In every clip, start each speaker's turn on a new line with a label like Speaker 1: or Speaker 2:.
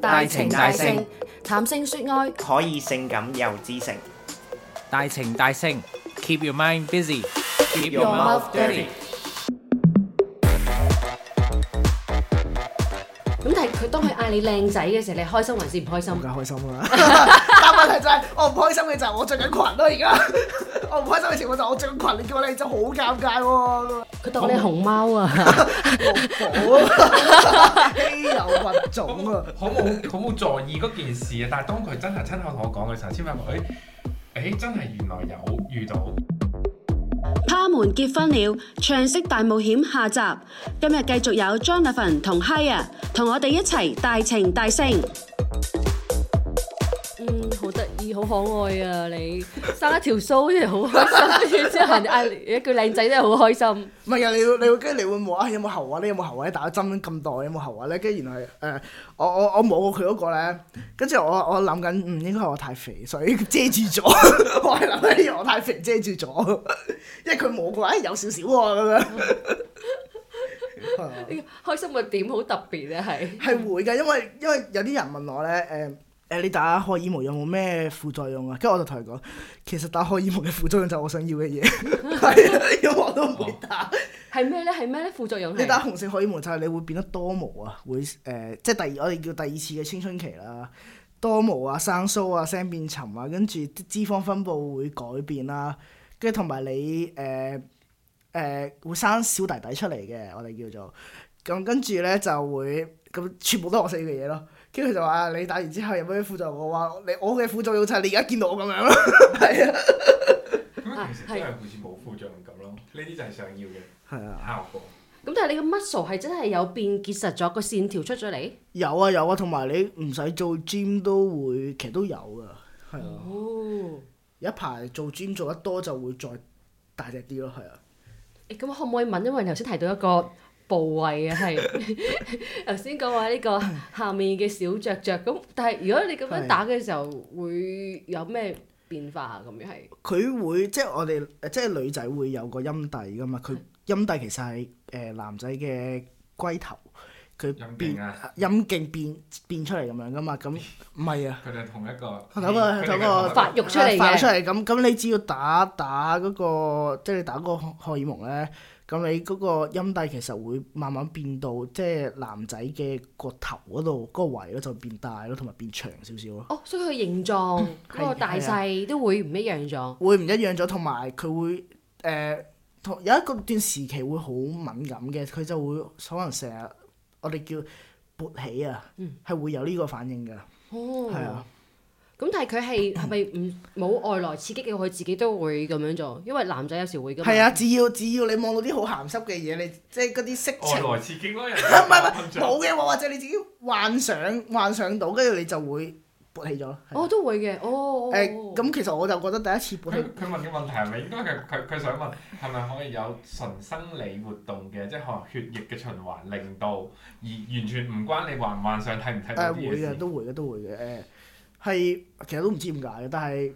Speaker 1: 大情大性，談性說愛，
Speaker 2: 可以性感又知性。大情大性，keep your mind busy，keep your love dirty。
Speaker 1: 咁但係佢當佢嗌你靚仔嘅時候，你開心還是唔開心？梗係開心啦。但問題就係我唔開心嘅就係我着緊裙啦而家。
Speaker 3: 我唔開心嘅情況就我著個裙，你叫我靚
Speaker 2: 仔，好尷尬喎、啊。我哋熊貓啊，老火，稀有物種啊，好冇好冇在意嗰件事啊。但係當佢真係親口同我講嘅時候，先發覺，誒、欸、誒、欸，真係原來有遇到。
Speaker 1: 他們結婚了，《Trans 大冒險》下集，今日繼續有 Jonathan 同 Haya，同我哋一齊大情大性。 好可愛啊！你生一條鬚 真係好開心，之後嗌一句靚仔真係好開心。唔係啊！
Speaker 3: 你要你會跟，你會摸
Speaker 1: 啊？有冇喉啊？你有冇喉
Speaker 3: 位咧？打針咁耐有冇喉位咧？跟住原來誒，我我我摸過佢嗰個咧，跟住我我諗緊，嗯，應該係我太肥，所以遮住咗。 我係諗緊，因為我太肥遮住咗，因為佢摸過，誒有少少喎咁樣。
Speaker 1: 開心嘅點好特別咧，係。
Speaker 3: 係會㗎，因為因為有啲人問我咧誒。呃誒、呃、你打荷爾蒙有冇咩副作用啊？跟住我就同佢講，其實打荷爾蒙嘅副作用就係我想要嘅嘢，係啊，以
Speaker 1: 往都唔會打、哦。係咩咧？係咩咧？副作用？你打雄色荷爾蒙
Speaker 3: 就係你會變得多毛啊，會誒、呃，即係第二我哋叫第二次嘅青春期啦，多毛啊，生疏啊，聲變沉啊，跟住脂肪分布會改變啦、啊，跟住同埋你誒誒、呃呃、會生小弟弟出嚟嘅，我哋叫做咁，跟住咧就會咁全部都係我想要嘅嘢咯。跟住就話：你打完之後有冇啲副作用？我話：你我嘅副作用就係你而家見到我咁樣咯。係、嗯、 啊，其實真係好似冇
Speaker 2: 副作用咁咯。呢啲、啊、就係想
Speaker 1: 要嘅，係啊，效果。咁但係你嘅 muscle 係真係有變結實咗，個線條出咗嚟、
Speaker 3: 啊。有啊有啊，同埋你唔使做 gym 都會，其實都有噶，係啊。哦，有一排做 gym 做得多就會再大隻啲咯，
Speaker 1: 係啊。誒、欸，咁可唔可以問？因為你頭先提到一個部位啊，係頭先講話呢個下面嘅小雀雀咁，但係如果你咁樣打嘅時候的會有咩變化啊？咁樣係
Speaker 3: 佢會即係我哋，即係女仔會有個陰蒂㗎嘛？佢陰蒂其實係誒、呃、男仔嘅龜頭，佢陰變音啊，陰莖、啊、變變出嚟咁樣㗎嘛？咁唔係啊，
Speaker 1: 佢哋同一個、嗯，同一個發
Speaker 3: 育出嚟，發育出嚟咁。咁你只要打打嗰、嗰個，即係你打嗰、嗰個、個荷爾蒙咧。咁你嗰個音帶其實會慢慢變到，即、就、係、是、男仔嘅、個頭嗰度，嗰個圍咧就變大咯，同埋變長少少咯。
Speaker 1: 哦，所以佢形狀、嗰 個大細都會唔一樣咗。啊、會唔一樣咗，同埋佢
Speaker 3: 會誒，同、呃、有一個段時期會好敏感嘅，佢就會可能
Speaker 1: 成日，我哋叫勃起啊，係、嗯、會有呢個反應㗎。哦。係啊。咁但係佢係，係咪唔冇外來刺激嘅，佢自己都會咁樣做？因為男仔有時會㗎嘛。係啊，只要只要你望到啲好鹹濕嘅嘢，你即係嗰啲色情。外來刺激咯。唔係
Speaker 2: 唔係，冇
Speaker 3: 嘅，我、嗯、或者你自己幻想幻想到，跟住你就會勃起咗。我、啊哦、都會嘅，哦。誒、欸，咁、哦、其實我就覺得第一次勃起。佢
Speaker 2: 佢問嘅問題係咪應該佢佢想問係咪可以有純生理活動嘅，即係可能血液嘅循環令到而完全唔關你幻唔幻想睇唔睇到啲嘢、哎，
Speaker 3: 都會嘅，都會嘅，誒。哎係，其實都唔知點解嘅，但係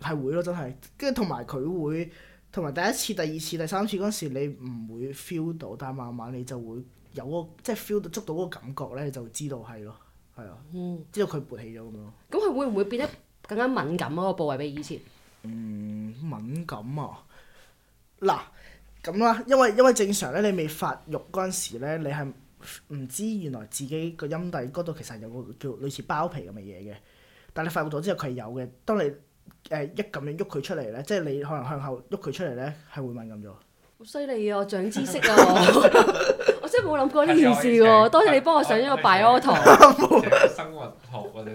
Speaker 3: 係會咯，真係。跟住同埋佢會，同埋第一次、第二次、第三次嗰時，你唔會 feel 到，但係慢慢你就會有個即係 feel 到捉到嗰個感覺咧，你就知道係咯，係啊，嗯、知道佢勃起咗咁樣。咁佢、嗯、會唔會變得更加敏感嗰個部位比以前？嗯，敏感啊！嗱，咁啊，因為因為正常咧，你未發育嗰陣時咧，你係唔知原來自己個陰蒂嗰度其實有個叫類似包皮咁嘅嘢嘅。但你發育咗之後佢係有嘅，當你誒、呃、一咁樣喐佢出嚟咧，即係你可能向後喐佢出嚟咧，係會敏感咗。
Speaker 1: 好犀利啊！長知識啊！ 我真係冇諗過呢件事喎、啊，多謝你幫我上咗個 bio 堂，啊、
Speaker 2: 生物學或者誒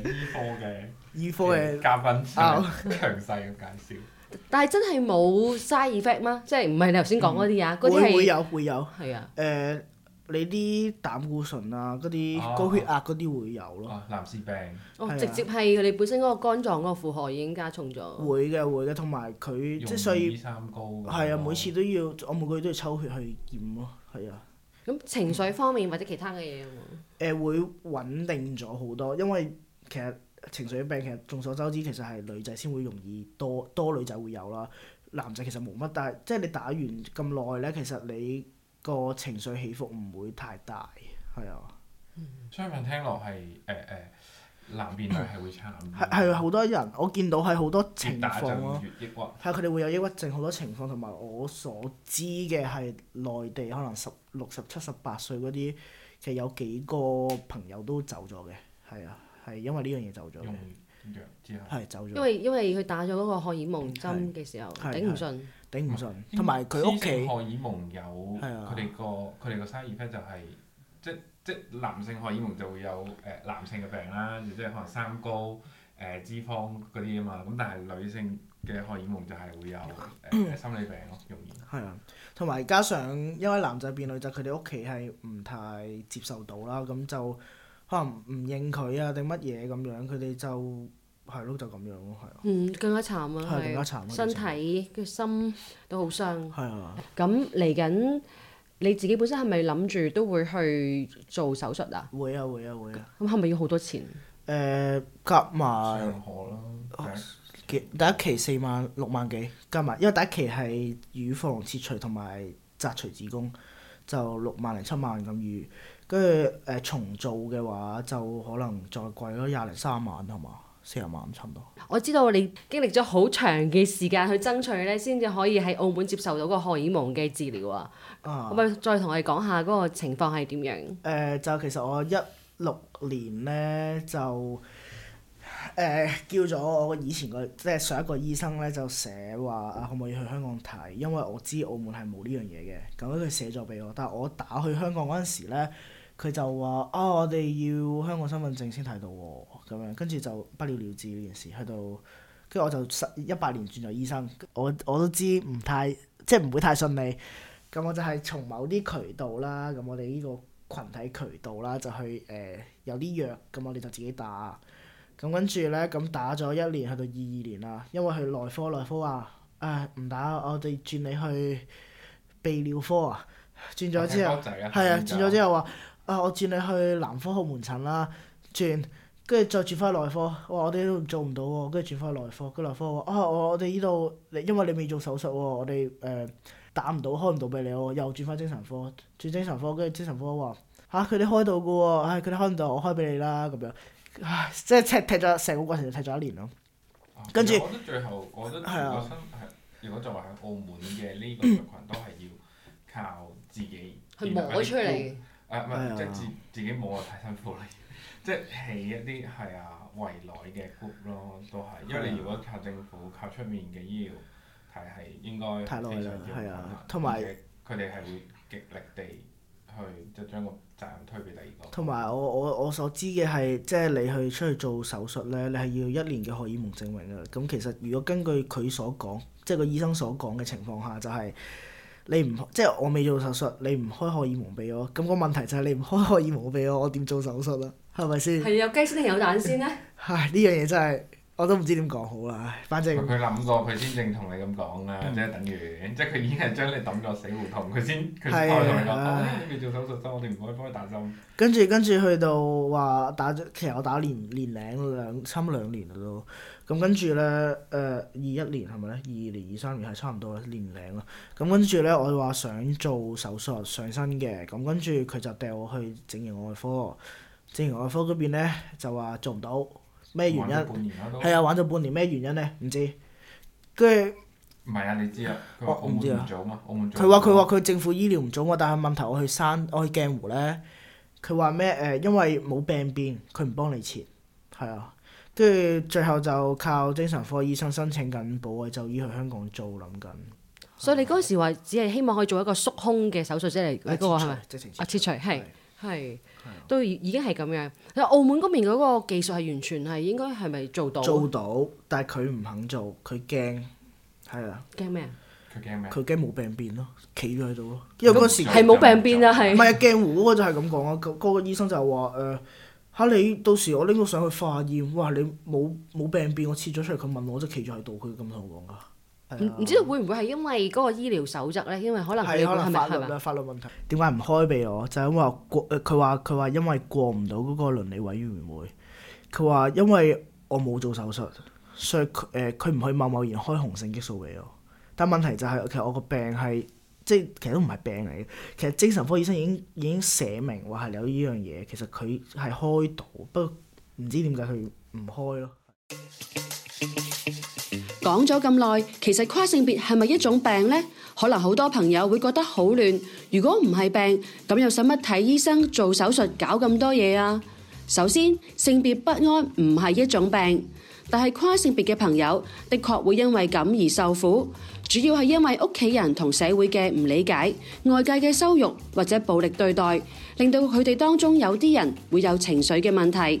Speaker 2: 醫科嘅醫科嘅教分強勢咁介
Speaker 1: 紹。但係真係冇 side effect 嗎？即係唔係你頭先講嗰啲啊？啲會會有會有係
Speaker 3: 啊。誒。你啲膽固醇啊，嗰啲高血壓嗰啲會有咯、啊哦。男士病。
Speaker 1: 哦、啊，直接係佢哋本身嗰個肝臟嗰個負荷已經加重咗。
Speaker 3: 會嘅，會嘅，同埋佢即係所以。三
Speaker 1: 高。係啊，
Speaker 3: 每次都要我每個月都要抽血去驗咯。係啊。
Speaker 1: 咁、啊、情緒方面或者其他嘅嘢
Speaker 3: 有冇？誒、呃、會穩定咗好多，因為其實情緒病其實眾所周知，其實係女仔先會容易多，多女仔會有啦、啊。男仔其實冇乜，但係即係你打完咁耐咧，其實你。個情緒起伏唔會太大，係啊。相
Speaker 2: 反聽落係誒誒男變女係會差。係
Speaker 3: 係好多人，我見到係好多情況咯。係佢哋會有抑鬱症好多情況，同埋我所知嘅係內地可能十六十七十八歲嗰啲，其實有幾個朋友都走咗嘅，係啊，係因為呢樣嘢走咗。容易走咗。因為
Speaker 1: 因為佢打咗嗰個荷爾蒙針嘅時候，是頂唔
Speaker 3: 順。頂唔順。同埋佢屋企。荷爾蒙
Speaker 2: 有佢哋個佢哋個 side effect 就係、是、即即男性荷爾蒙就會有誒、呃、男性嘅病啦，即係可能三高誒、呃、脂肪嗰啲啊嘛。咁但係女性嘅荷爾蒙就係會有誒、 呃、心理病咯，啊，容易。
Speaker 3: 係啊，同埋加上因為男仔變女仔，佢哋屋企係唔太接受到啦，咁就可能唔應佢啊定乜嘢咁樣，佢哋就。係咯，就咁樣咯，係
Speaker 1: 啊。嗯，更加慘啊，係，更加慘啊。身體嘅、啊、心都好傷。係啊。咁嚟緊，你自己本身係咪諗住都會去做手術啊？會啊，會啊，會啊。咁係咪要好多錢？誒、呃，
Speaker 3: 夾埋。上、哦、第一期四萬六萬幾加埋，因為第一期係乳房切除同埋摘除子宮，就六萬零七萬咁預。跟住誒重做嘅話，就可能再貴咗廿零三萬，係嘛？四十萬差唔多。
Speaker 1: 我知道你經歷咗好長嘅時間去爭取呢，先至可以喺澳門接受到個荷爾蒙嘅治療啊！可唔可以，再同我哋講下嗰個情況係點樣？誒、呃，就其實我一六年呢，就
Speaker 3: 誒、呃、叫咗我以前個即係上一個醫生呢，就寫話啊，可唔可以去香港睇？因為我知澳門係冇呢樣嘢嘅。咁佢寫咗俾我，但係我打去香港嗰陣時咧，佢就話啊，我哋要香港身份證先睇到喎。咁樣跟住就不了了之呢件事，去到跟住我就十一八年轉咗醫生，我我都知唔太即係唔會太順利。咁我就係從某啲渠道啦，咁我哋呢個群體渠道啦，就去誒、呃、有啲藥，咁我哋就自己打。咁跟住咧，咁打咗一年，去到二二年啦，因為去內科內科話誒唔打，我哋轉你去泌尿科啊，轉咗之後係啊，轉咗之後話啊，我轉你去男科號門診啦，轉。跟住再轉翻內科，我我哋都做唔到喎，跟住轉翻內科，跟住個內科話啊我哋呢度，因為你未做手術喎，我哋誒、呃、打唔到，開唔到俾你喎，又轉翻精神科，轉精神科，跟住精神科話吓，佢、啊、哋開到嘅喎，唉佢哋開唔到，我開俾你啦咁樣，唉、啊、即係踢踢咗成個過程就踢咗一年咯。跟住、啊。
Speaker 2: 後我覺得最後，我覺得整個、啊、如果作為喺澳門嘅呢個族群、嗯、都係要靠自己去摸出嚟嘅。唔係即係自己摸就太辛苦啦。即係起一啲係啊，圍內嘅 group 咯，都係，因為你如果靠政府靠、靠出面嘅醫療體系，係應該太耐，非常之困難。係啊，同埋佢哋係會極力地去，即係將個責任推俾第二個。
Speaker 3: 同埋我我我所知嘅係，即係你去出去做手術咧，你係要一年嘅荷爾蒙證明嘅。咁其實如果根據佢所講，即係個醫生所講嘅情況下，就係，就係。你唔即係我未做手術，你唔開荷爾蒙俾我，咁個問題就係你唔開荷爾蒙俾我，我點做手術啊？係咪先？係有
Speaker 1: 雞先定有蛋先
Speaker 3: 咧。唉，呢樣嘢真係～我都唔知點講好啦，反正佢諗過佢
Speaker 2: 先正同你咁講啦，即係等於即係佢已經係將你抌個死胡同，佢先佢先可以做手術我哋唔可以幫佢打針。
Speaker 3: 跟住跟住去到話打，其實我打年年零兩差唔多兩年啦都。咁跟住咧，誒二一年係咪咧？二二年二三年係差唔多年零咯。咁跟住咧，我話想做手術上身嘅，咁跟住佢就掉我去整形外科。整形外科嗰邊咧就話做唔到。咩原因？係啊，玩咗半年，咩原因咧？唔知，跟住唔係
Speaker 2: 啊！你知、哦、知啊？佢話澳門唔早嘛，澳門佢
Speaker 3: 話佢話佢政府醫療唔早我，但係問題我去山，我去鏡湖咧。佢話咩？誒、呃，因為冇病變，佢唔幫你切。係啊，跟住最後就靠精神科醫生申請緊保衞就醫去香港做，諗緊。
Speaker 1: 所以你嗰時話只係希望可以做一個縮胸嘅手術啫、嗰個，嚟一個係咪？嗎啊，切除係。是係，都已已經係咁樣。但係澳門嗰邊嗰個技術係完全係應該係咪做到？做
Speaker 3: 到，但係佢唔肯做，佢驚係啊。驚咩啊？佢驚咩？佢驚冇病變咯，企咗喺度咯。因為嗰個時係冇病變啊，係唔係啊？鏡湖嗰個就係咁講啊，嗰、嗰個醫生就話誒嚇你到時我拎到上去化驗，哇！你冇冇病變，我切咗出嚟。佢問我啫，企咗喺度，佢咁同我講㗎。
Speaker 1: 唔知道會唔會係因為嗰個醫療守則咧？因為可能你係法律嘛？問題
Speaker 3: 點解唔開俾我？就係因為我呃，因為過佢話佢話因為過唔到嗰個倫理委員會。佢話因為我冇做手術，所以佢誒佢唔可以冒冒然開雄性激素俾我。但問題就係、是、其實我個病係即係其實都唔係病嚟嘅。其實精神科醫生已經已經寫明話係有呢樣嘢，其實佢係開到，不過唔知點解佢唔開咯。
Speaker 1: 講咗咁耐，其實跨性別係咪一種病呢？可能好多朋友會覺得好亂。如果唔係病，咁又使乜睇醫生、做手術、搞咁多嘢啊？首先，性別不安唔係一種病，但係跨性別嘅朋友的確會因為咁而受苦，主要係因為屋企人同社會嘅唔理解、外界嘅羞辱或者暴力對待，令到佢哋當中有啲人會有情緒嘅問題。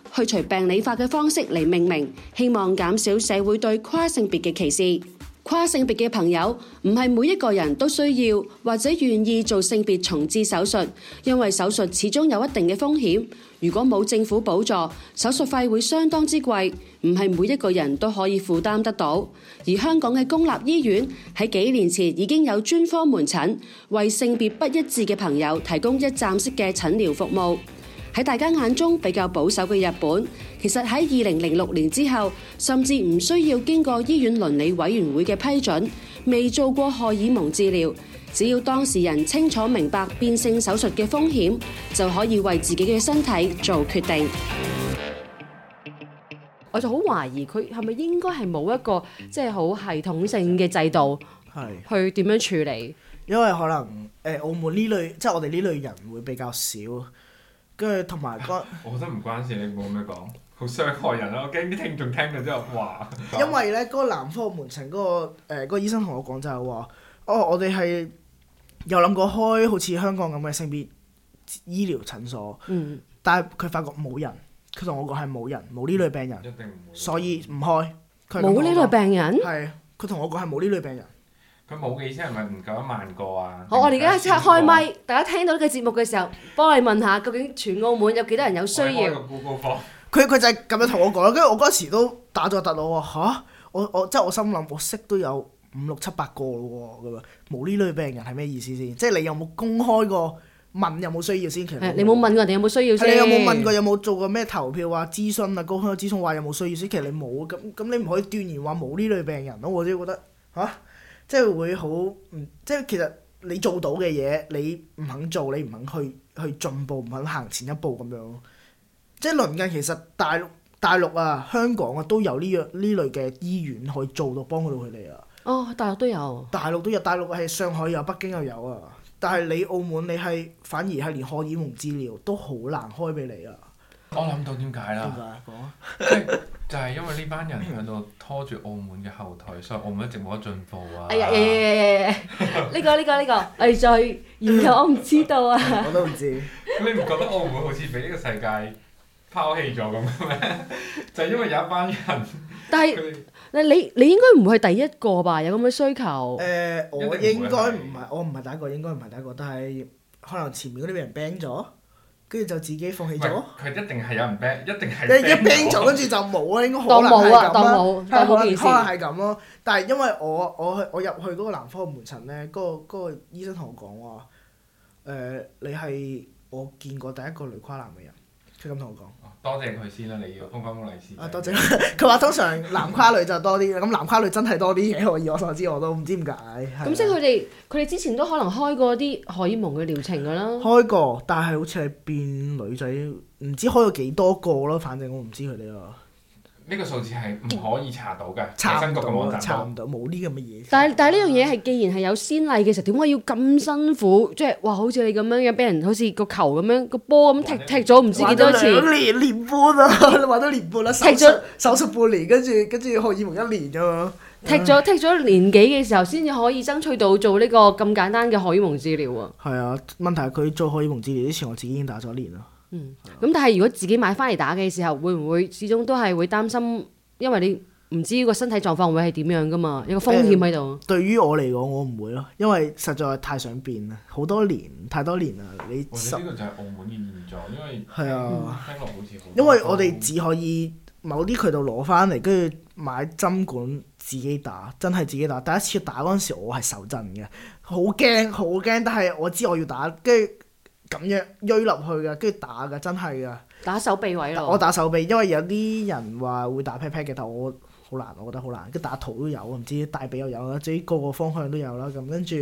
Speaker 1: 去除病理化嘅方式嚟命名，希望減少社會對跨性別嘅歧視。跨性別嘅朋友唔係每一個人都需要或者願意做性別重置手術，因為手術始終有一定嘅風險。如果冇政府補助，手術費會相當之貴，唔係每一個人都可以負擔得到。而香港嘅公立醫院喺幾年前已經有專科門診，為性別不一致嘅朋友提供一站式嘅診療服務。喺大家眼中比較保守嘅日本，其實喺二零零六年之後，甚至唔需要經過醫院倫理委員會嘅批准，未做過荷爾蒙治療，只要當事人清楚明白變性手術嘅風險，就可以為自己嘅身體做決定。我就好懷疑佢係咪應該係冇一個即係好系統性嘅制度，係去點樣處理？
Speaker 3: 因為可能誒，澳門呢類即係、就是、我哋呢類人會比較少。跟
Speaker 2: 住同埋嗰，個 我覺得唔關事，你冇咁樣講，好傷害人咯、啊。我驚啲聽眾聽完之後，哇！
Speaker 3: 因為咧嗰、那個男科門診嗰、那個誒、呃那個醫生同我講就係話，哦，我哋係有諗過開好似香港咁嘅性別醫療診所，嗯、但係佢發覺冇人，佢同我講係冇人冇呢類病人，所以唔開
Speaker 1: 冇呢類病人，係佢同我講係
Speaker 2: 冇呢類病人。佢冇嘅意思係咪唔夠一萬個啊？好，我哋而家即刻開咪，
Speaker 1: 大家聽到呢個節目嘅時候，幫你問下究竟全澳門有幾多人有需要？開個
Speaker 2: Google form。
Speaker 1: 佢佢就係咁樣同我講，跟住我嗰時都打咗突，我
Speaker 3: 話吓，我我即係我心諗，我識都有五六七八個咯喎，咁樣冇呢類病人係咩意思先？即係你有冇公開過問有冇需要先？誒，你冇
Speaker 1: 問過人哋有冇需要先？係你有冇問過
Speaker 3: 有冇做過咩投票啊、諮詢啊、公開諮詢話有冇需要先？其實你冇，咁咁你唔可以斷言話冇呢類病人咯，我先覺得吓。即係會好，嗯，即係其實你做到嘅嘢，你唔肯做，你唔肯去去進步，唔肯行前一步咁樣。即係鄰近，其實大陸大陸啊、香港啊都有呢樣呢類嘅醫院可以做到幫到佢哋啊。
Speaker 1: 哦，大陸都有。
Speaker 3: 大陸都有，大陸係上海又有、北京又有啊。但係你澳門你，你係反而係連荷爾蒙治療都好難開俾你啊。
Speaker 2: 我諗到點解啦？點解講？ 就係因為呢班人喺度拖住澳門嘅後腿，所以澳門一直冇得進步啊！哎呀，呢個呢
Speaker 1: 個呢個，這個、 我再然後我唔知道啊！嗯、我
Speaker 2: 都唔知。 你唔覺得澳門好似俾呢個世界拋棄咗咁嘅咩？ 就係因為有一班人。
Speaker 1: 但係是，們但你你應該唔會係第一個吧？有咁嘅需求。
Speaker 2: 誒、呃，我應該唔
Speaker 3: 係，我唔係第一個，應該唔係第一個，但係可能前面嗰啲被人 ban 咗。跟住就自己放棄咗。
Speaker 2: 佢一定係有人 ban，一定係。一一 cancel 跟住就冇啦，應該好難係咁啦。都冇，
Speaker 3: 可能係咁咯，但係因為我我,我去我入去嗰個男科門診咧，嗰個嗰個醫生同我講話，誒、呃、你係我見過第一個女跨男嘅人，
Speaker 2: 佢咁同我講。多謝佢先啦，你通關個利是。啊，多謝佢話通常男
Speaker 3: 跨女就多啲，咁男跨女真係多啲嘢，我以我所知我都唔知點解。咁即係佢哋，佢哋之
Speaker 1: 前都可能開過啲荷爾蒙嘅療程㗎啦。
Speaker 3: 開過，但係好似係變女仔，唔知開過幾多個囉，反正我唔知佢哋啊。
Speaker 2: 呢個數字係唔可以查到嘅，查唔到，冇呢咁嘅
Speaker 1: 嘢。但係但係呢樣嘢係，既然係有先例嘅時候，點解要咁辛苦？即係，哇，好似你咁樣樣，俾人好似個球咁樣個波咁踢踢咗唔知幾多次。年年
Speaker 3: 半啊！玩你玩咗年半啦。踢咗
Speaker 1: 了手，手術半年，跟住跟住荷爾蒙一年啫嘛了、嗯。踢咗踢咗年幾嘅時候，先至可以爭取到做呢個咁簡單嘅荷爾蒙治療
Speaker 3: 啊。啊、嗯，問題係佢做荷爾蒙治療之前，我自己已經打咗一年啦。
Speaker 1: 嗯，咁但係如果自己買翻嚟打嘅時候，會唔會始終都係會擔心？因為你唔知個身體狀況會係點樣噶嘛，有個風險喺度、嗯。
Speaker 3: 對於我嚟講，我唔會咯，因為實在太想變啦，好多年，太多年啦。你呢個就
Speaker 1: 係澳
Speaker 2: 門嘅現狀，因為、啊、聽落好似好、嗯。因為我
Speaker 3: 哋只可以某啲渠道攞翻嚟，跟住買針管自己打，真係自己打。第一次打嗰陣時，我係手震嘅，好驚好驚。但係我知我要打，跟住。咁樣推落去㗎，跟住打㗎，真
Speaker 1: 係㗎。打手臂位咯。我打
Speaker 3: 手臂，因為有啲人話會打 pat pat 嘅，但我好難，我覺得好難。跟住打肚都有，唔知大髀又有啦，即係個個方向都有啦。咁跟住，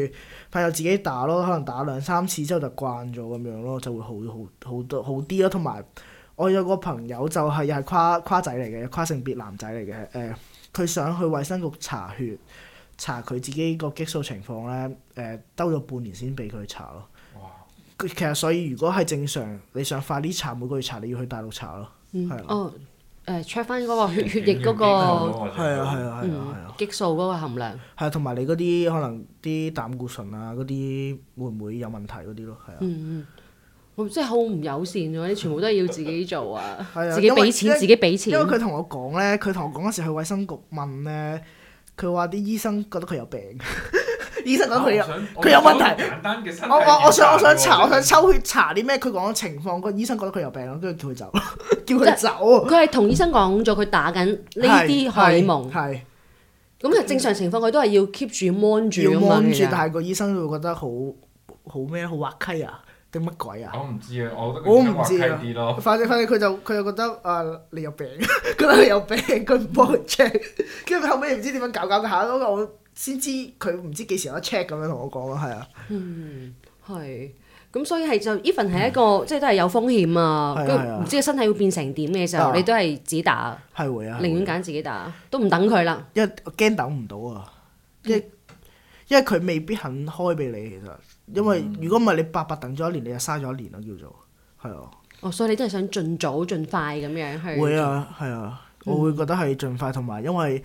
Speaker 3: 朋友自己打咯，可能打兩三次之後就慣咗咁樣咯，就會好好好多好啲咯。同埋我有個朋友就係又係跨跨仔嚟嘅，跨性別男仔嚟嘅。誒、呃，佢想去衞生局查血，查佢自己個激素情況咧。誒、呃，兜咗半年先俾佢查咯。其實所以如果係正常，你想快啲查，每個月查，你要去大陸查咯，係啦、嗯。
Speaker 1: 啊、哦，check 翻嗰個血血液嗰、嗰個，哦嗯、啊
Speaker 3: 係啊係、啊啊啊、激素嗰個含量。係啊，同埋你嗰啲可能啲膽固醇啊嗰啲會唔會有問題嗰啲咯？係啊。
Speaker 1: 嗯嗯。即係好唔友善咗、啊，啲全部都係要自己做啊！係啊，自己俾錢，自己俾錢。因為佢同
Speaker 3: 我講咧，佢同我講嗰時去衛生局問咧，佢話啲醫生覺得佢有病。
Speaker 1: 醫生講佢有佢
Speaker 2: 有問題，我我我想我想查我想
Speaker 3: 抽血查啲咩？佢講嘅情況，個醫生覺得佢有病，跟住叫佢走，
Speaker 1: 叫佢走。佢係同醫生講咗佢打緊呢啲荷爾蒙。係。咁正常情況佢都係要 keep 住 mon 住，但係個醫生都會覺得好
Speaker 3: 好咩？好滑稽啊？定乜鬼？我唔知啊，我唔知啊。反正反正佢就佢就覺得啊你有病，覺得你有病，佢唔幫 check。跟住佢後尾唔知點樣搞搞下咯，先知佢唔知幾時有得 check 咁樣同我講啊，係啊，嗯，
Speaker 1: 係，咁所以係就 even 係一個即係都係有風險啊，唔知個身體會變成點嘅時候，你都係自己打，
Speaker 3: 係會啊，寧願
Speaker 1: 揀自己打，都唔等佢啦，
Speaker 3: 因為我驚等唔到啊，因因為佢未必肯開俾你，其實，因為如果唔係你白白等咗一年，你又嘥咗一年咯，叫做係啊，
Speaker 1: 哦，所以你都係想盡早盡快咁樣去，會啊，
Speaker 3: 係啊，我會覺得係盡快，同埋因為。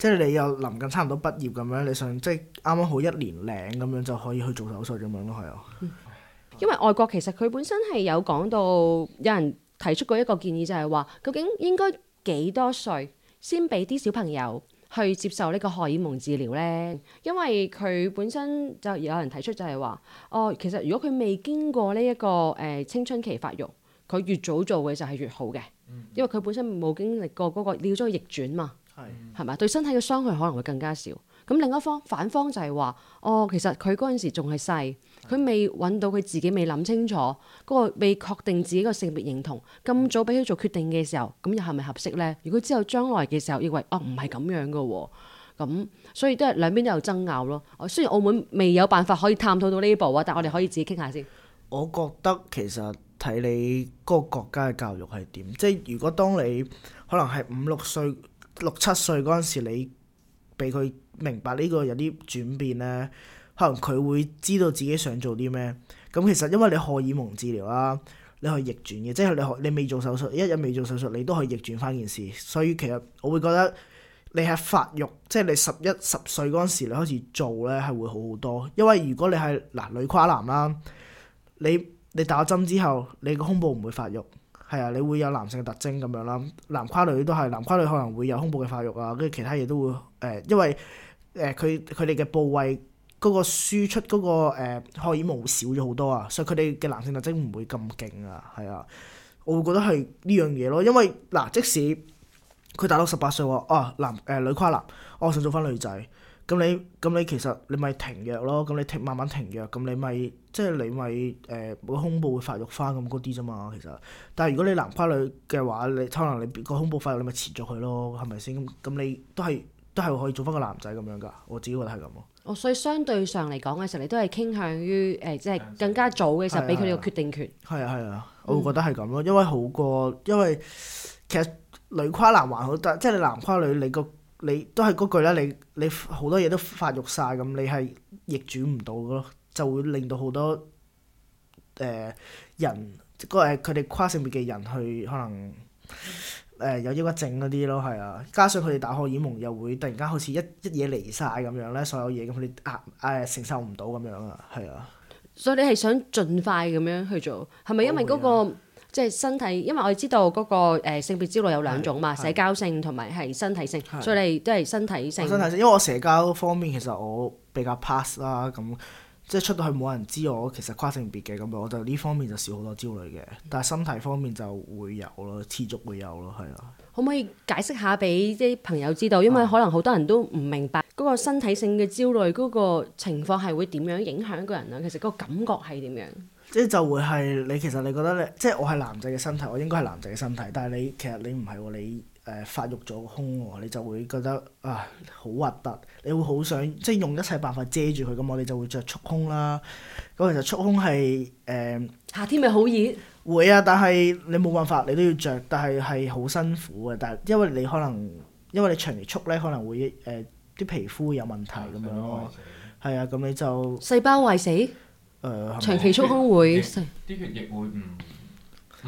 Speaker 3: 即係你又臨近差唔多畢業咁樣，你想即係啱啱好一年零咁樣就可以去做手術咁樣咯，係啊。
Speaker 1: 因為外國其實佢本身係有講到有人提出過一個建議，就係話究竟應該幾多歲先俾啲小朋友去接受呢個荷爾蒙治療咧？因為佢本身就有人提出就係話，哦，其實如果佢未經過呢一個誒青春期發育，佢越早做嘅就係越好嘅，嗯、因為佢本身冇經歷過嗰個尿中逆轉嘛。係，係咪？對身體嘅傷害可能會更加少。咁另一方反方就係話：哦，其實佢嗰陣時仲係細，佢的未揾到佢自己，未諗清楚嗰個未確定自己個性別認同咁早俾佢做決定嘅時候，咁又係咪合適呢？如果之後將來嘅時候認為，啊，哦，唔係咁樣嘅喎，咁所以都係兩邊都有爭拗咯。雖然澳門未有辦法可以探討到呢一步啊，但我哋可以自己傾下先。
Speaker 3: 我覺得其實睇你嗰個國家嘅教育係點，即係如果當你可能係五六歲。六七歲嗰陣時，你俾佢明白呢個有啲轉變咧，可能佢會知道自己想做啲咩。咁其實因為你荷爾蒙治療啦，你可以逆轉嘅，即係你學你未做手術，一日未做手術，你都可以逆轉翻件事。所以其實我會覺得你喺發育，即係你十一十歲嗰陣時，你開始做咧，係會好好多。因為如果你係男、呃、女跨男啦，你你打針之後，你個胸部唔會發育。係啊，你會有男性特徵咁樣啦，男跨女都係，男跨女可能會有胸部嘅發育啊，跟住其他嘢都會，誒、呃，因為誒佢佢哋嘅部位嗰個輸出嗰、嗰個誒荷爾蒙少咗好多啊，所以佢哋嘅男性特徵唔會咁勁啊，係啊，我會覺得係呢樣嘢咯，因為嗱、呃、即使佢大到十八歲喎，哦，男誒、呃、女跨男，我、哦、想做翻女仔。咁你咁你其實你咪停藥咯，咁你停慢慢停藥，咁你咪即係你咪誒個胸部會發育翻咁嗰啲咋嘛，其實。但係如果你男跨女嘅話，你可能你個胸部發育你咪遲咗佢咯，係咪先？咁你都係都係可以做翻個男仔咁樣噶，我自己覺得係咁咯。
Speaker 1: 哦，所以相對上嚟講嘅時候，你都係傾向於誒，即係更加早嘅時候俾佢哋個決定權。
Speaker 3: 係啊係啊，啊，我會覺得係咁咯，因為好過、嗯、因為其實女跨男還好得，即係你男跨女你個。你都係嗰句啦，你你好多嘢都發育晒，咁，你係逆轉唔到咯，就會令到好多誒、呃、人即係佢哋跨性別嘅人去可能誒、呃、有抑鬱症嗰啲咯，係啊，加上佢哋打荷爾蒙又會突然間好似一一嘢嚟晒咁樣咧，所有嘢咁佢哋壓誒承受唔到咁樣啊，係啊，
Speaker 1: 所以你係想盡快咁樣去做，係咪會、啊、因為嗰、嗰個？即係身體，因為我哋知道嗰、個、呃、性別焦慮有兩種嘛，是社交性同埋係身體性，是所以你都係身，身體性。因為
Speaker 3: 我社交方面其實我比較 pass 啦，咁即係出到去冇人知我其實跨性別嘅，咁我就呢方面就少好多焦慮嘅。但係身體方面就會有咯，持續會有咯，係啊。
Speaker 1: 可唔可以解釋下俾啲朋友知道？因為可能好多人都唔明白嗰的個身體性嘅焦慮嗰、個情況係會點樣影響一個人啊？其實嗰個感覺係點樣？
Speaker 3: 即係就會係你其實你覺得你即係我係男仔嘅身體，我應該係男仔嘅身體，但係你其實你唔係喎，你誒、呃、發育咗個胸喎，你就會覺得啊好核突，你會好想即係用一切辦法遮住佢咁，我哋就會着束胸啦。咁其實束胸係誒、呃、夏天咪好熱？會啊，但係你冇辦法，你都要着。但係係好辛苦嘅。但係因為你可能因為你長年束咧，可能會誒啲、呃、皮膚會有問題咁樣咯。係啊，咁你就細胞
Speaker 1: 壞，壞死。長期束胸會，啲血,
Speaker 2: 血,血液會唔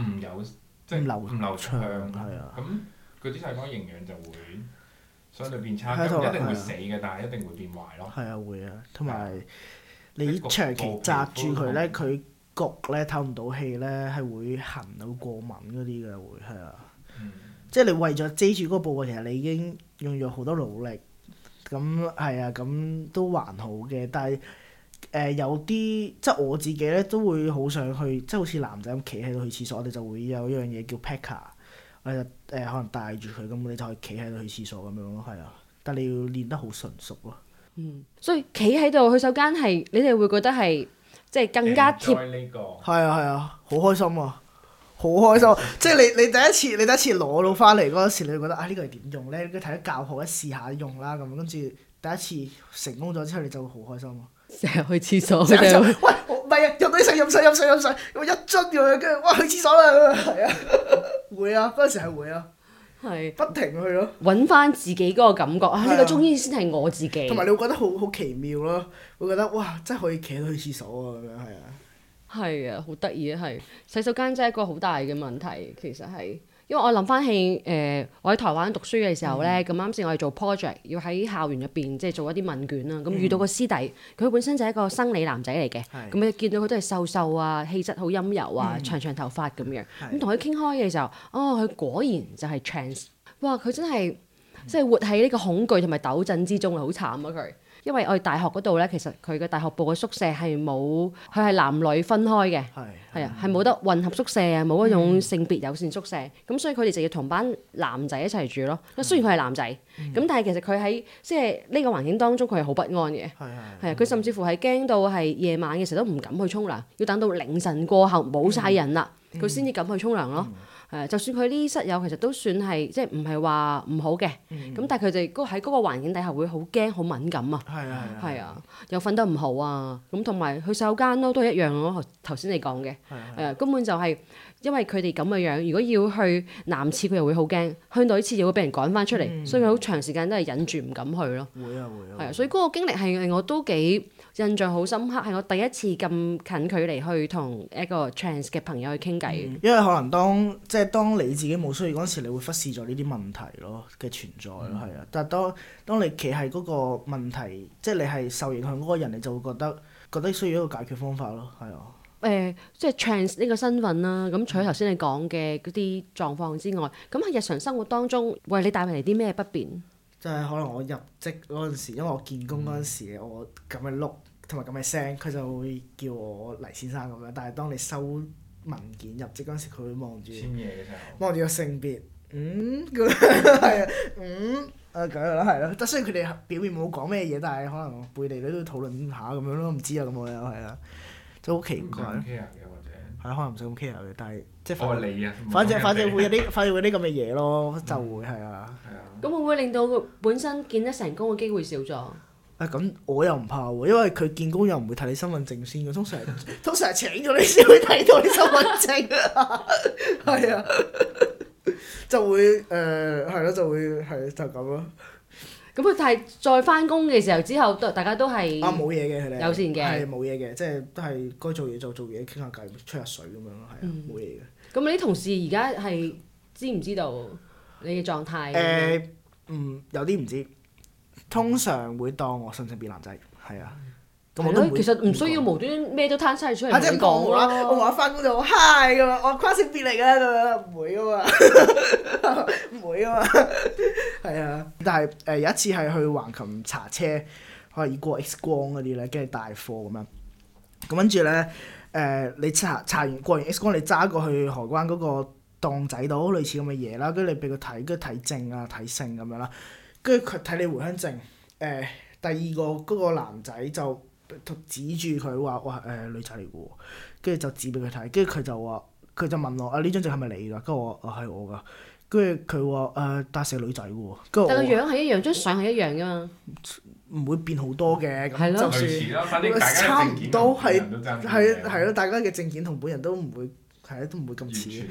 Speaker 2: 唔有即係唔流唔流暢，咁佢啲細胞營養就會所以佢變差，一定會死嘅，但係一定會變壞
Speaker 3: 咯。係啊，會啊，同埋的你長期紮住佢咧，佢焗咧透唔到氣咧，係會痕到過敏嗰啲嘅。會係啊，即係的、嗯就是、你為咗遮住嗰部位，其實你已經用咗好多努力，咁係啊，咁都還好嘅，但係。誒、呃、有啲即係我自己咧都會好想去，即係好似男仔咁企喺度去廁所，我哋就會有一樣嘢叫 packer，誒誒可能帶住佢咁，你就可以企喺度去廁所咁樣咯，係啊，但係你要練得好純熟咯。嗯，
Speaker 1: 所以企喺度去手間係你哋會覺得係即係更加貼，係啊
Speaker 3: 係啊，好、這個、開心啊，好開心、啊！即係你你第一次你第一次攞到翻嚟嗰陣時，你會覺得啊、這個、呢個係點用咧？你睇下教學，試一試下用啦咁，跟住第一次成功咗之後，你就會好開心啊！
Speaker 1: 成日去廁所，成日去
Speaker 3: 去喂，唔係啊！飲水飲水飲水飲水，飲一樽咁樣，跟住哇去廁所啦咁啊！係啊，會啊，嗰陣時係會啊，
Speaker 1: 係的不停去咯、啊。揾翻自己嗰個感覺啊！呢、這個中醫先係我自己。同埋你會覺得好好奇妙咯，會覺得哇，真係可以企去廁所啊！咁樣係啊，係啊，好得意啊！係，洗手間真係一個好大嘅問題，其實係。因為我諗翻起誒、呃，我喺台灣讀書嘅時候咧，咁啱先我哋做 project，要喺校園入邊即係做一啲問卷啦。咁、嗯、遇到個師弟，佢本身就係一個生理男仔嚟嘅，咁你是見到佢都係瘦瘦啊，氣質好陰柔啊，嗯、長長頭髮咁樣。咁同佢傾開嘅時候，哦，佢果然就係 trans 哇！佢真係即係活喺呢個恐懼同埋抖震之中，好慘啊佢。因為我哋大學嗰度咧，其實佢嘅大學部嘅宿舍係冇，佢係男女分開嘅，係啊，係冇得混合宿舍，冇嗰種性別友善宿舍。咁、嗯、所以佢哋就要同班男仔一齊住咯。是雖然佢係男仔，咁、嗯、但係其實佢喺即係呢個環境當中，佢係好不安嘅。係啊！佢甚至乎係驚到係夜晚嘅時候都唔敢去沖涼，要等到凌晨過後冇晒人啦，佢先至敢去沖涼咯。嗯誒，就算佢啲室友其實都算係，即係唔係話唔好嘅，咁、嗯、但係佢哋喺嗰個環境底下會好驚、好敏感啊，係啊係啊，又瞓得唔好啊，咁同埋去洗手間咯，都係一樣咯，頭先你講嘅，誒根本就係。因為佢哋咁嘅樣,樣，如果要去男廁，佢又會好驚；去女廁又會俾人趕翻出嚟，嗯、所以佢好長時間都係忍住唔敢去咯。會啊會啊。係啊，所以嗰個經歷係我都幾印象好深刻，係我第一次咁近距離去同一個 trans 嘅朋友去傾偈、嗯。
Speaker 3: 因為可能當即係、就是、當你自己冇需要嗰時，你會忽視咗呢啲問題咯嘅存在，係啊、嗯。但係當當你企喺嗰個問題，即、就、係、是、你係受影響嗰個人，你就會覺得覺得需要一個解決方法咯，係啊。
Speaker 1: 誒、呃，即係 trans 呢個身份啦、啊。咁除咗頭先你講嘅嗰啲狀況之外，咁喺日常生活當中，為你帶嚟啲咩不便？
Speaker 3: 即係可能我入職嗰陣時，因為我見工嗰陣時，嗯、我咁嘅 look，同埋咁嘅聲，佢就會叫我黎先生咁樣。但係當你收文件入職嗰陣時，佢會望
Speaker 2: 住簽嘢嘅時
Speaker 3: 候，望住個性別。嗯，咁係啊，嗯啊咁、就是、樣咯，係咯。但雖然佢哋表面冇講咩嘢，但係可能背地裏都討論下咁樣咯，唔知啊，咁我又係啊。就好奇怪，係啊，可能唔使咁 care 嘅，但係即係反,反正反正會有啲，反正會有啲咁嘅嘢咯，就會係啊。咁
Speaker 1: 啊、嗯。唔的、嗯、會,會令到本身見得成功嘅機會少咗。
Speaker 3: 咁、啊，我又唔怕喎，因為佢見工又唔會睇你身份證先嘅，通常
Speaker 1: 通常係請咗你先會睇到你身份證啊。係 啊，
Speaker 3: 就會誒係咯，就會係就咁咯。
Speaker 1: 咁佢係再返工嘅時候之後，都大家都係啊，冇嘢
Speaker 3: 嘅，佢哋有線嘅，係冇嘢嘅，即係都係該做嘢就做嘢，傾下偈，吹下水咁樣咯，係啊，冇嘢嘅。
Speaker 1: 咁你啲同事而家係知唔知道你嘅狀態？誒、呃，
Speaker 3: 嗯，有啲唔知，通常會當我想唔想變男仔，係啊。嗯 我覺得其實唔
Speaker 1: 需要無端端咩都攤晒出嚟，唔知講啊！我話翻工就好 high 噶嘛，我跨性別嚟噶
Speaker 3: 嘛，唔會噶嘛，唔會噶嘛，
Speaker 1: 係啊！但係誒、
Speaker 3: 呃、有一次係去橫琴查車，可以過 X 光嗰啲咧，跟住帶貨咁樣。咁跟住咧，誒、呃、你查查完過完 X 光，你揸過去海關嗰個檔仔度，類似咁嘅嘢啦，跟住你俾佢睇，跟住睇證啊、睇證咁樣啦，跟住佢睇你回鄉證。誒、呃、第二個嗰、嗰個男仔就，指住佢話：哇誒女仔嚟嘅喎，跟住就指俾佢睇，跟住佢就話：佢就問我啊呢張證係咪你㗎？跟住我話係、啊、我㗎。跟住佢話誒，啊、死女但係寫女仔嘅喎。但係個樣
Speaker 1: 係一樣，啊、張相係一樣㗎嘛，唔會變好多嘅。
Speaker 3: 係咯。了差唔多係係係咯，大家嘅證件同本人都唔會。係啊，都唔會咁似嘅。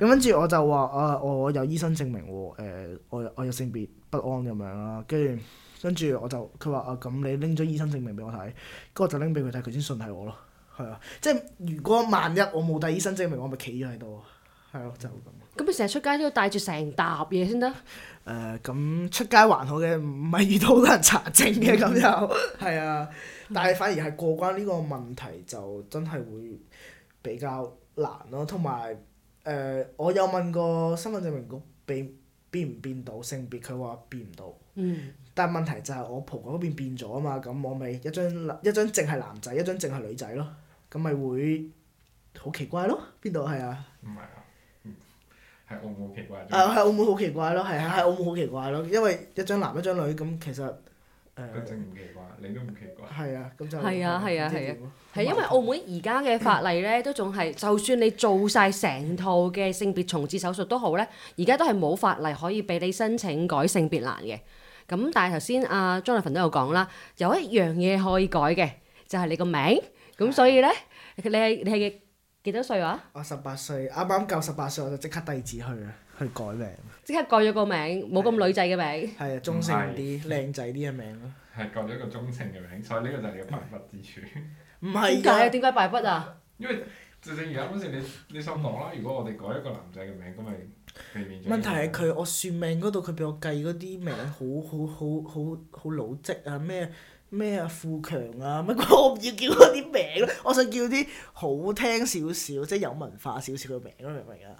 Speaker 3: 咁跟住我就話啊，我有醫生證明喎，誒、呃，我我有性別不安咁樣啦。跟住跟住我就佢話啊，咁你拎咗醫生證明俾我睇，跟住我就拎俾佢睇，佢先信係我咯。係啊，即係如果萬一我冇帶醫生證明，我咪企咗喺度啊。係咯，就咁。咁你成日出街都要帶住成沓嘢先得？誒、嗯，咁、嗯嗯嗯、出街還好嘅，唔係遇到好多人查證嘅咁又，係啊。 但係反而係過關呢個問題就真係會比較。難咯，同埋誒我有問過身份證明局俾變唔變到性別，佢話變唔到。嗯。但係問題就係我婆婆嗰邊變咗啊嘛，咁我咪一張一張證係男仔，一張證係女仔咯，咁咪會好奇怪咯？邊度係啊？唔係啊，係、嗯、
Speaker 2: 澳門
Speaker 3: 好奇怪。誒，係澳門好奇怪咯，係啊，係澳門好奇怪咯，因為一張男一張女咁其實。
Speaker 2: 嗰陣唔奇怪，你
Speaker 3: 都唔奇怪。係啊，咁就係啊，係啊，係
Speaker 1: 啊，係因為澳門而家嘅法例咧，都仲係就算你做曬成套嘅性別重置手術都好咧，而家都係冇法例可以俾你申請改性別欄嘅。咁但係頭先阿張立凡都有講啦，有一樣嘢可以改嘅，就係你個名。咁所以咧，你係你係幾多歲啊？我十八歲，啱啱夠十八歲，我
Speaker 3: 就即刻遞紙去啊！去改名，
Speaker 1: 即刻改咗個名，冇咁是女仔嘅名，係啊，中性啲、靚
Speaker 3: 仔
Speaker 2: 啲嘅名咯。係改咗一個中性嘅名，所以呢個就係你嘅敗筆之處。唔
Speaker 3: 係。點解啊？
Speaker 1: 點解敗筆啊？為因為
Speaker 2: 正正而家好似你你心講啦，如果我哋改一個男仔嘅名，咁咪避免。問題係
Speaker 3: 佢我算命嗰度，佢俾我計嗰啲名，好好好好好老積啊，咩咩富強啊，乜鬼？我唔要叫嗰啲名咯，我想叫啲好聽少少、即、就、係、是、有文化少少嘅名咯，明唔明啊？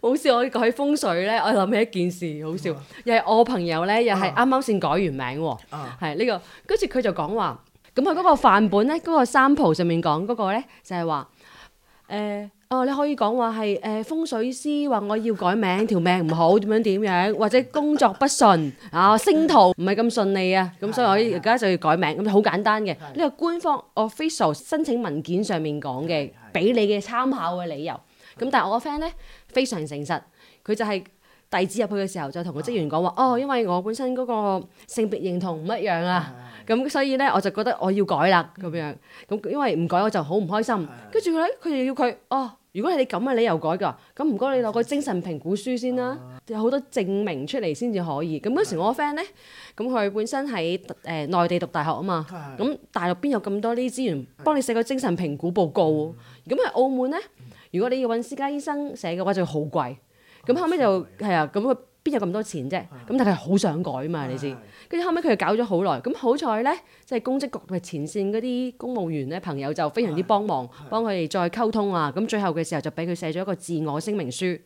Speaker 1: 好笑！我講起風水咧，我諗起一件事，好笑。又係我朋友咧，又係啱啱先改完名喎。係呢、啊這個，跟住佢就講話。咁佢嗰個範本咧，嗰、那個 sample 上面講嗰個咧，就係、是、話，誒、呃，哦，你可以講話係誒、呃、風水師話我要改名， 條命唔好，點樣點樣，或者工作不順啊，星途唔係咁順利啊，咁所以我而家就要改名，咁好是的 簡單嘅。呢是的 個官方 official 的申請文件上面講嘅，俾你嘅參考嘅理由。的咁但係我個 friend 咧非常誠實，佢就係遞紙入去嘅時候，就同個職員講話：啊、哦，因為我本身嗰個性別認同唔一樣啊，咁、嗯、所以咧我就覺得我要改啦，咁樣，咁因為唔改我就好唔開心。跟住佢咧，佢就要佢哦，如果係你咁嘅理由改嘅，咁唔該你攞個精神評估書先啦，有好、啊、多證明出嚟先至可以。咁嗰時我個 friend 咧，咁佢本身喺誒內地讀大學啊嘛，咁、嗯嗯、大陸邊有咁多呢啲資源幫你寫個精神評估報，報告？咁喺、嗯、澳門咧？如果你要揾私家醫生寫嘅話，就係好貴。咁後尾就係啊，咁佢邊有咁多錢啫？咁但係好想改啊嘛，你知。跟住後尾，佢又搞咗好耐。咁好彩咧，即係公職局嘅前線嗰啲公務員咧朋友就非常之幫忙，幫佢哋再溝通啊。咁最後嘅時候就俾佢寫咗一個自我聲明書，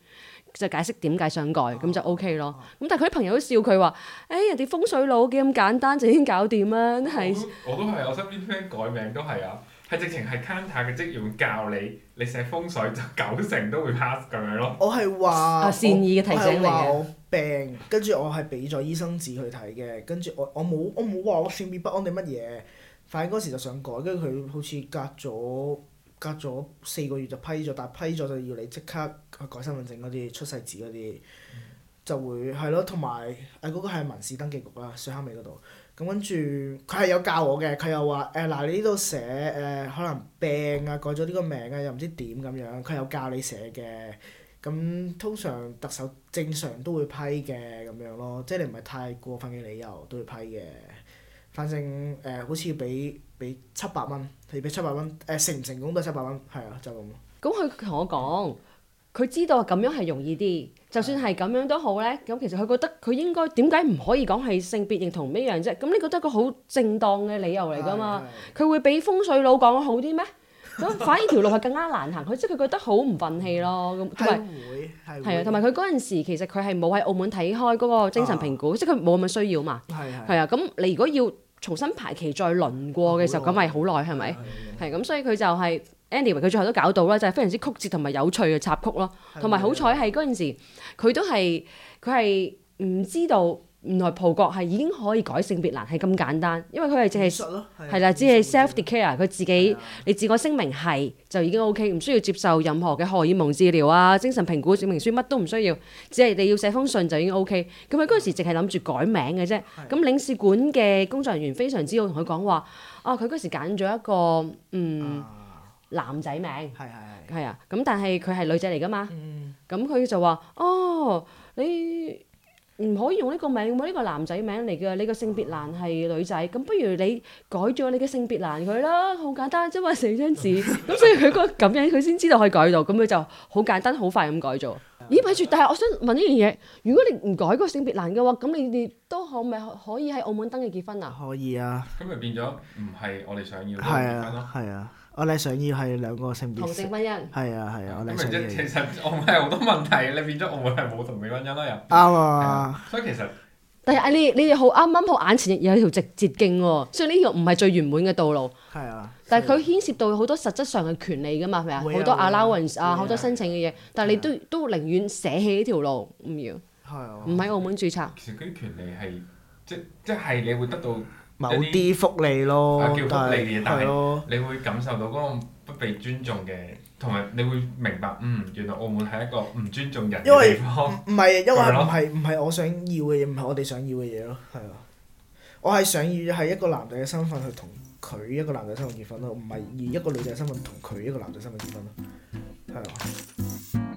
Speaker 1: 就解釋點解想改，咁就 OK 咯。咁但係佢啲朋友都笑佢話：誒人哋風水佬幾咁簡單就已經搞掂啦，係。我都係，
Speaker 2: 我身邊 friend 改名都係啊。係直情係 counter 嘅職員會教你，你寫風水就九成都會 pass 咁樣咯。我係
Speaker 3: 話、啊、善意嘅提醒你。嘅。病。跟住我係俾咗醫生紙去睇嘅，跟住我我冇我冇話我性別不安定乜嘢，反正嗰時就想改，跟住佢好似隔咗隔咗四個月就批咗，但係批咗就要你即刻去改身份證嗰啲出世紙嗰啲，就會係咯，同埋誒嗰個係民事登記局啦，水坑尾嗰度。咁跟住佢係，有教我嘅，佢又話誒嗱你呢度寫誒可能病啊改咗呢個名啊又唔知點咁樣，佢有教你寫嘅。咁、嗯、通常特首正常都會批嘅咁樣咯，即你唔係太過分嘅理由都會批嘅。反正誒、呃、好似要俾俾七百蚊，係
Speaker 1: 俾七百蚊誒成唔成功都係七百蚊，係啊就咁。咁佢同我講。嗯佢知道咁樣係容易啲，就算係咁樣都好咧。咁其實佢覺得佢應該點解唔可以講係性別認同咩樣啫？咁你覺得係好正當嘅理由嚟噶嘛。佢會比風水佬講好啲咩？咁反而條路係更加難行。佢即係佢覺得好唔憤氣咯。咁同埋會係啊，同埋佢嗰陣時其實佢係冇喺澳門睇開嗰個精神評估，即係佢冇咁嘅需要嘛。係係啊，咁你如果要重新排期再輪過嘅時候，咁咪好耐係咪？係咁，所以佢就係。Anyway，佢最後都搞到啦，就係非常之曲折同埋有趣嘅插曲咯，同埋好彩係嗰陣時佢都係佢係唔知道原來葡國係已經可以改性別欄，係咁簡單，因為佢係淨係係啦，只係 self declare 佢自己你自我聲明係就已經 OK，唔需要接受任何嘅荷爾蒙治療啊，精神評估證明書乜都唔需要，只係你要寫封信就已經 OK。咁佢嗰陣時淨係諗住改名嘅啫，咁領事館嘅工作人員非常之好同佢講話，啊佢嗰時揀咗一個嗯。男仔名係係係係啊！咁但係佢係女仔嚟㗎嘛。咁佢就話：哦，你唔可以用呢個名，我呢個男仔名嚟㗎。你個性別欄係女仔，咁不如你改咗你嘅性別欄佢啦，好簡單即話，成張紙。咁所以佢覺得咁樣佢先知道可以改到，咁佢就好簡單好快咁改咗。咦？咪住，但係我想問一樣嘢：如果你唔改個性別欄嘅話，咁你哋都可咪可以喺澳門登記結婚啊？可
Speaker 2: 以啊。咁咪變咗唔係我哋想要嘅結婚
Speaker 3: 咯。係啊。我哋想要係兩個性別，係啊係啊，我哋想其實澳門係好
Speaker 2: 多問題，你變咗澳門係冇同性婚姻啦。又。啱啊！所以其
Speaker 1: 實，但係阿你你哋好啱啱好眼前有一條捷徑喎，雖然呢條唔係最圓滿嘅道路。係啊。但係佢牽涉到好多實質上嘅權利㗎嘛，係咪啊？好多 allowance 啊，好多申請嘅嘢，但係你都都寧願捨棄呢條路唔要，唔喺澳門註冊。其實嗰啲
Speaker 2: 權利係即即係你會得到。冇啲福利咯，但係你會感受到嗰個不被尊重嘅，同埋你會明白，嗯，原來澳門係一個唔尊重人嘅地方。唔係，因為唔係
Speaker 3: 唔係我想要嘅嘢，唔係我哋想要嘅嘢咯，係啊。我係想要係一個男仔嘅身份去同佢一個男仔身份結婚咯，唔係以一個女仔身份同佢一個男仔身份結婚咯，係啊。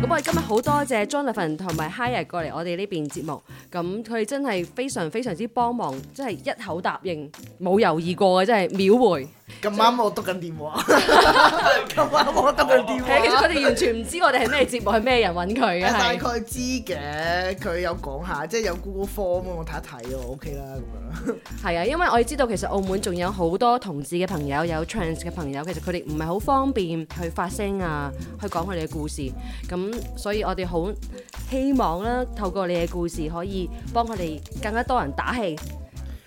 Speaker 1: 咁我哋今日好多謝 Jonathan 同埋 Haya 過嚟我哋呢邊節目。咁佢真係非常非常之幫忙，真係一口答應，冇猶豫過嘅，真係秒回。咁啱我督緊電話，咁啱 我督緊電話。其實佢哋完全唔知我哋係咩節目，係咩 人揾佢嘅。大概
Speaker 3: 知嘅，佢有講下，即係有 Google Form，我睇一睇 OK 啦，咁樣。
Speaker 1: 係啊，因為我哋知道其實澳門仲有好多同志嘅朋友，有 trans 嘅朋友，其實佢哋唔係好方便去發聲啊，去講佢哋嘅故事。咁所以我哋好希望啦，透過你嘅故事，可以幫佢哋更加多人打氣。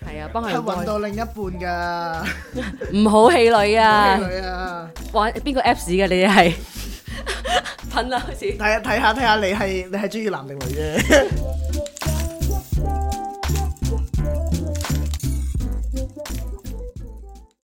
Speaker 1: 係啊，幫佢揾到另一半噶，唔好氣餒啊， 氣餒啊 玩，玩邊個 Apps 噶？你係 好，噴啦開始，睇下睇下
Speaker 3: 睇下你係你係中意男
Speaker 1: 定女啫。